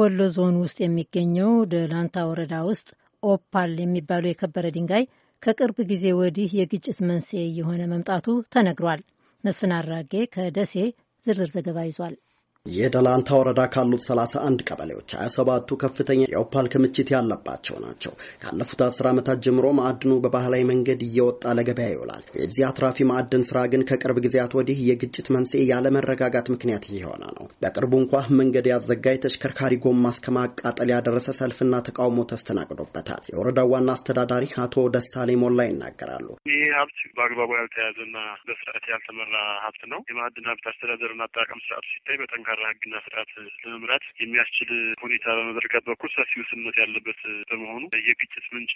ወሎ ዞን ውስጥ የሚገኘው ደላንታ ወረዳ ውስጥ ኦፓል የሚባለው የከበረ ድንጋይ ከቅርብ ጊዜ ወዲህ የግጭት መንስኤ እየሆነ መምጣቱ ተነግሯል። መስፍን አራጌ ከደሴ ዝርዝር ዘገባ ይዟል። የደላንታ ወረዳ ካሉት 31 ቀበሌዎች 27ቱ ከፍተኛ የኦፓል ክምችት ያለባቸው ናቸው። ካለፉት አስር ዓመታት ጀምሮ ማዕድኑ በባህላዊ መንገድ እየወጣ ለገበያ ይውላል። የዚህ አትራፊ ማዕድን ስራ ግን ከቅርብ ጊዜያት ወዲህ የግጭት መንስኤ ያለመረጋጋት ምክንያት እየሆነ ነው። በቅርቡ እንኳ መንገድ ያዘጋ የተሽከርካሪ ጎማ እስከ ማቃጠል ያደረሰ ሰልፍና ተቃውሞ ተስተናግዶበታል። የወረዳው ዋና አስተዳዳሪ አቶ ደሳሌ ሞላ ይናገራሉ። ይህ ሀብት በአግባቡ ያልተያዘና በስርዓት ያልተመራ ሀብት ነው። የማዕድን ሀብት አስተዳደርና አጠቃቀም ስርዓቱ ሲታይ በጠንካራ ህግና ስርዓት ለመምራት የሚያስችል ሁኔታ በመዘርጋት በኩል ሰፊ ውስንነት ያለበት በመሆኑ የግጭት ምንጭ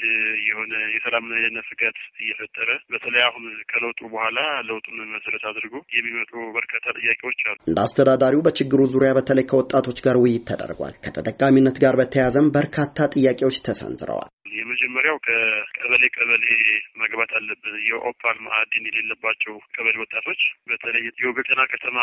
የሆነ የሰላምና የደህንነት ስጋት እየፈጠረ በተለይ አሁን ከለውጡ በኋላ ለውጡን መሰረት አድርጎ የሚመጡ በርካታ ጥያቄዎች አሉ። እንደ አስተዳዳሪው በችግሩ ዙሪያ በተለይ ከወጣቶች ጋር ውይይት ተደርጓል። ከተጠቃሚነት ጋር በተያያዘም በርካታ ጥያቄዎች ተሰንዝረዋል። የመጀመሪያው ከቀበሌ ቀበሌ መግባት አለብን። የኦፓል ማዕድን የሌለባቸው ቀበሌ ወጣቶች በተለይ የወገጤና ከተማ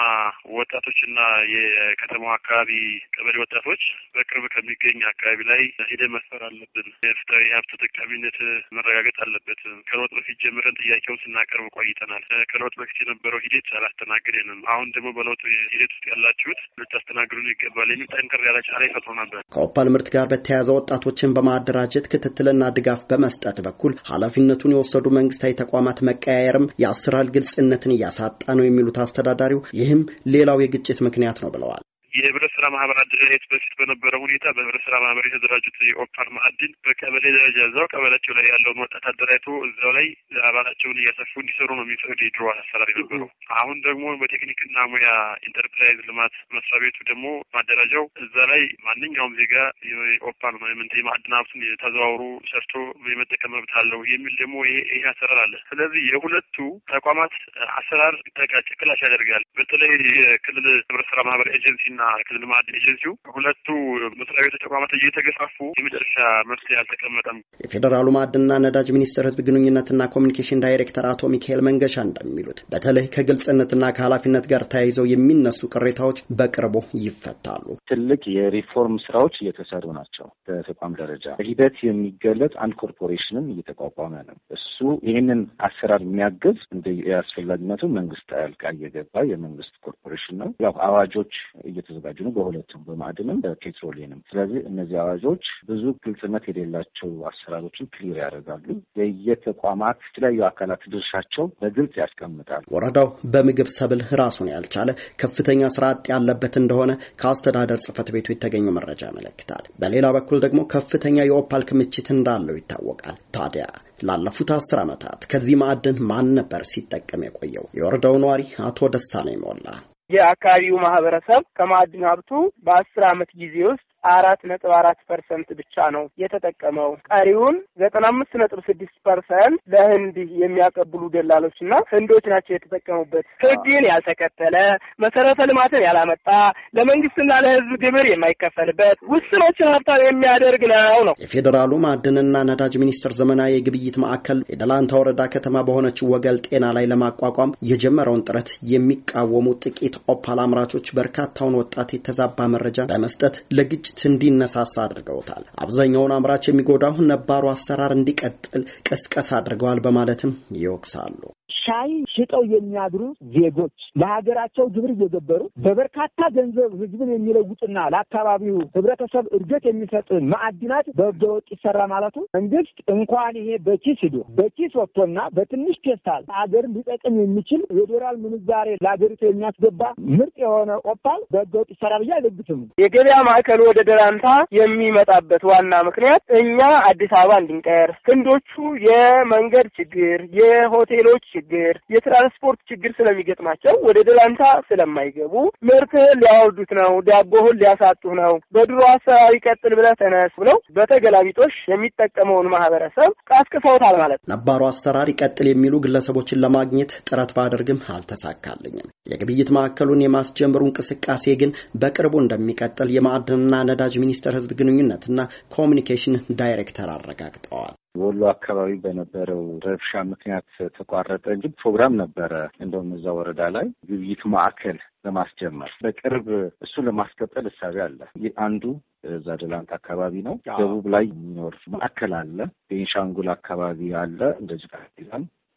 ወጣቶችና የከተማው አካባቢ ቀበሌ ወጣቶች በቅርብ ከሚገኝ አካባቢ ላይ ሂደ መስፈር አለብን። የፍትሐዊ ሀብት ተጠቃሚነት መረጋገጥ አለበት። ከለውጥ በፊት ጀምረን ጥያቄውን ስናቀርብ ቆይተናል። ከለውጥ በፊት የነበረው ሂደት አላስተናገደንም አሁን ደግሞ በለውጥ ሂደት ውስጥ ያላችሁት ልታስተናግዱን ይገባል የሚል ጠንከር ያለ ጫና ይፈጥሮ ነበር። ከኦፓል ምርት ጋር በተያያዘ ወጣቶችን በማደራጀት ክትትል ክትትልና ድጋፍ በመስጠት በኩል ኃላፊነቱን የወሰዱ መንግስታዊ ተቋማት መቀያየርም የአሰራር ግልጽነትን እያሳጣ ነው የሚሉት አስተዳዳሪው ይህም ሌላው የግጭት ምክንያት ነው ብለዋል። ስራ ማህበራት ድርጅት በፊት በነበረ ሁኔታ በህብረት ስራ ማህበር የተደራጁት የኦፓር ማዕድን በቀበሌ ደረጃ እዛው ቀበላቸው ላይ ያለውን ወጣት አደራጅቶ እዛው ላይ አባላቸውን እያሰፉ እንዲሰሩ ነው የሚፈቅድ የድሮ አሰራር የነበረው። አሁን ደግሞ በቴክኒክና ሙያ ኢንተርፕራይዝ ልማት መስሪያ ቤቱ ደግሞ ማደራጃው እዛ ላይ ማንኛውም ዜጋ የኦፓል ማይመንት የማዕድን ሀብቱን ተዘዋውሮ ሰርቶ የመጠቀም መብት አለው የሚል ደግሞ ይሄ አሰራር አለ። ስለዚህ የሁለቱ ተቋማት አሰራር ተጋጭ ክላሽ ያደርጋል። በተለይ የክልል ህብረት ስራ ማህበር ኤጀንሲና ክልል ልማት ኤጀንሲው ሁለቱ መስሪያ ቤቶች ተቋማት እየተገፋፉ የመጨረሻ መፍትሄ አልተቀመጠም። የፌዴራሉ ማዕድንና ነዳጅ ሚኒስቴር ህዝብ ግንኙነትና ኮሚኒኬሽን ዳይሬክተር አቶ ሚካኤል መንገሻ እንደሚሉት በተለይ ከግልጽነትና ከኃላፊነት ጋር ተያይዘው የሚነሱ ቅሬታዎች በቅርቡ ይፈታሉ። ትልቅ የሪፎርም ስራዎች እየተሰሩ ናቸው። በተቋም ደረጃ በሂደት የሚገለጥ አንድ ኮርፖሬሽንም እየተቋቋመ ነው። እሱ ይህንን አሰራር የሚያግዝ እንደ የአስፈላጊነቱ መንግስት ጣልቃ እየገባ የመንግስት ኮርፖሬሽን ነው። ያው አዋጆች እየተዘጋጁ ነው። በሁለቱም በማዕድንም በፔትሮሊየንም። ስለዚህ እነዚህ አዋጆች ብዙ ግልጽነት የሌላቸው አሰራሮችን ክሊር ያደርጋሉ። የየተቋማት የተለያዩ አካላት ድርሻቸው በግልጽ ያስቀምጣል። ወረዳው በምግብ ሰብል ራሱን ያልቻለ ከፍተኛ ስራ አጥ ያለበት እንደሆነ ከአስተዳደር ጽህፈት ቤቱ የተገኘው መረጃ ያመለክታል። በሌላ በኩል ደግሞ ከፍተኛ የኦፓል ክምችት እንዳለው ይታወቃል። ታዲያ ላለፉት አስር ዓመታት ከዚህ ማዕድን ማን ነበር ሲጠቀም የቆየው? የወረዳው ነዋሪ አቶ ደሳለኝ ሞላ የአካባቢው ማህበረሰብ ከማዕድን ሀብቱ በአስር አመት ጊዜ ውስጥ አራት ነጥብ አራት ፐርሰንት ብቻ ነው የተጠቀመው። ቀሪውን ዘጠና አምስት ነጥብ ስድስት ፐርሰንት ለህንድ የሚያቀብሉ ደላሎች እና ህንዶች ናቸው የተጠቀሙበት። ህግን ያልተከተለ መሰረተ ልማትን ያላመጣ ለመንግስትና ለህዝብ ግብር የማይከፈልበት ውስኖችን ሀብታም የሚያደርግ ነው ነው የፌዴራሉ ማዕድንና ነዳጅ ሚኒስቴር ዘመናዊ የግብይት ማዕከል የደላንታ ወረዳ ከተማ በሆነችው ወገል ጤና ላይ ለማቋቋም የጀመረውን ጥረት የሚቃወሙ ጥቂት ኦፓል አምራቾች በርካታውን ወጣት የተዛባ መረጃ በመስጠት ለግጭ አምራቾች እንዲነሳሳ አድርገውታል። አብዛኛውን አምራች የሚጎዳው ነባሩ አሰራር እንዲቀጥል ቀስቀስ አድርገዋል በማለትም ይወቅሳሉ። ሻይ ሽጠው የሚያድሩ ዜጎች ለሀገራቸው ግብር እየገበሩ በበርካታ ገንዘብ ህዝብን የሚለውጥና ለአካባቢው ህብረተሰብ እድገት የሚሰጥ ማዕድናት በህገወጥ ይሰራ ማለቱ መንግስት እንኳን ይሄ በኪስ ሂዶ በኪስ ወጥቶና በትንሽ ፔስታል ሀገር ሊጠቅም የሚችል የዶላር ምንዛሬ ለሀገሪቱ የሚያስገባ ምርጥ የሆነ ኦፓል በህገወጥ ይሰራ ብዬ አይለግትም። የገበያ ማዕከል ወደ ደራንታ የሚመጣበት ዋና ምክንያት እኛ አዲስ አበባ እንድንቀር ክንዶቹ የመንገድ ችግር፣ የሆቴሎች ችግር ችግር፣ የትራንስፖርት ችግር ስለሚገጥማቸው ወደ ደላንታ ስለማይገቡ ምርትህን ሊያወርዱት ነው፣ ዳቦህን ሊያሳጡህ ነው፣ በድሮ አሰራር ይቀጥል ብለህ ተነስ ብለው በተገላቢጦሽ የሚጠቀመውን ማህበረሰብ ቀስቅሰውታል ማለት ነው። ነባሩ አሰራር ይቀጥል የሚሉ ግለሰቦችን ለማግኘት ጥረት ባደርግም አልተሳካልኝም። የግብይት ማዕከሉን የማስጀመሩ እንቅስቃሴ ግን በቅርቡ እንደሚቀጥል የማዕድንና ነዳጅ ሚኒስቴር ህዝብ ግንኙነትና ኮሚኒኬሽን ዳይሬክተር አረጋግጠዋል። ወሎ አካባቢ በነበረው ረብሻ ምክንያት ተቋረጠ እንጂ ፕሮግራም ነበረ። እንደውም እዛ ወረዳ ላይ ግብይት ማዕከል ለማስጀመር በቅርብ እሱን ለማስቀጠል እሳቤ አለ። ይህ አንዱ እዛ ደላንት አካባቢ ነው። ደቡብ ላይ የሚኖር ማዕከል አለ። ቤንሻንጉል አካባቢ አለ እንደዚህ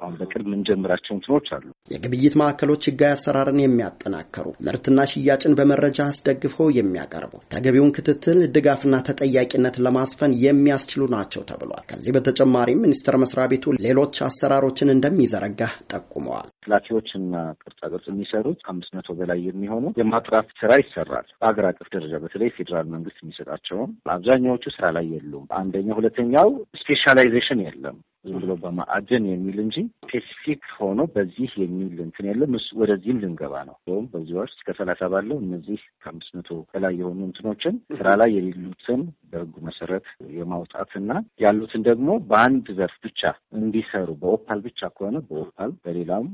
አሁን በቅርብ የምንጀምራቸው እንትኖች አሉ። የግብይት ማዕከሎች ህጋዊ አሰራርን የሚያጠናከሩ ምርትና ሽያጭን በመረጃ አስደግፈው የሚያቀርቡ ተገቢውን ክትትል ድጋፍና ተጠያቂነት ለማስፈን የሚያስችሉ ናቸው ተብሏል። ከዚህ በተጨማሪም ሚኒስቴር መስሪያ ቤቱ ሌሎች አሰራሮችን እንደሚዘረጋ ጠቁመዋል። ላኪዎችና ቅርጻቅርጽ የሚሰሩት ከአምስት መቶ በላይ የሚሆኑ የማጥራት ስራ ይሰራል። በአገር አቀፍ ደረጃ በተለይ ፌዴራል መንግስት የሚሰጣቸውም አብዛኛዎቹ ስራ ላይ የሉም። አንደኛው ሁለተኛው ስፔሻላይዜሽን የለም። ዝም ብሎ በማዕድን የሚል እንጂ ስፔሲፊክ ሆኖ በዚህ የሚል እንትን የለም። እሱ ወደዚህም ልንገባ ነው። ወይም በዚህ ወር እስከ ሰላሳ ባለው እነዚህ ከአምስት መቶ በላይ የሆኑ እንትኖችን ስራ ላይ የሌሉትን በህጉ መሰረት የማውጣትና ያሉትን ደግሞ በአንድ ዘርፍ ብቻ እንዲሰሩ በኦፓል ብቻ ከሆነ በኦፓል በሌላውም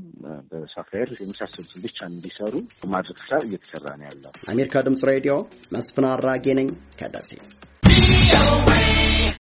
በሶፍትዌር የመሳሰሉትን ብቻ እንዲሰሩ ማድረግ ስራ እየተሰራ ነው ያለው። አሜሪካ ድምጽ ሬዲዮ መስፍን አራጌ ነኝ ከደሴ።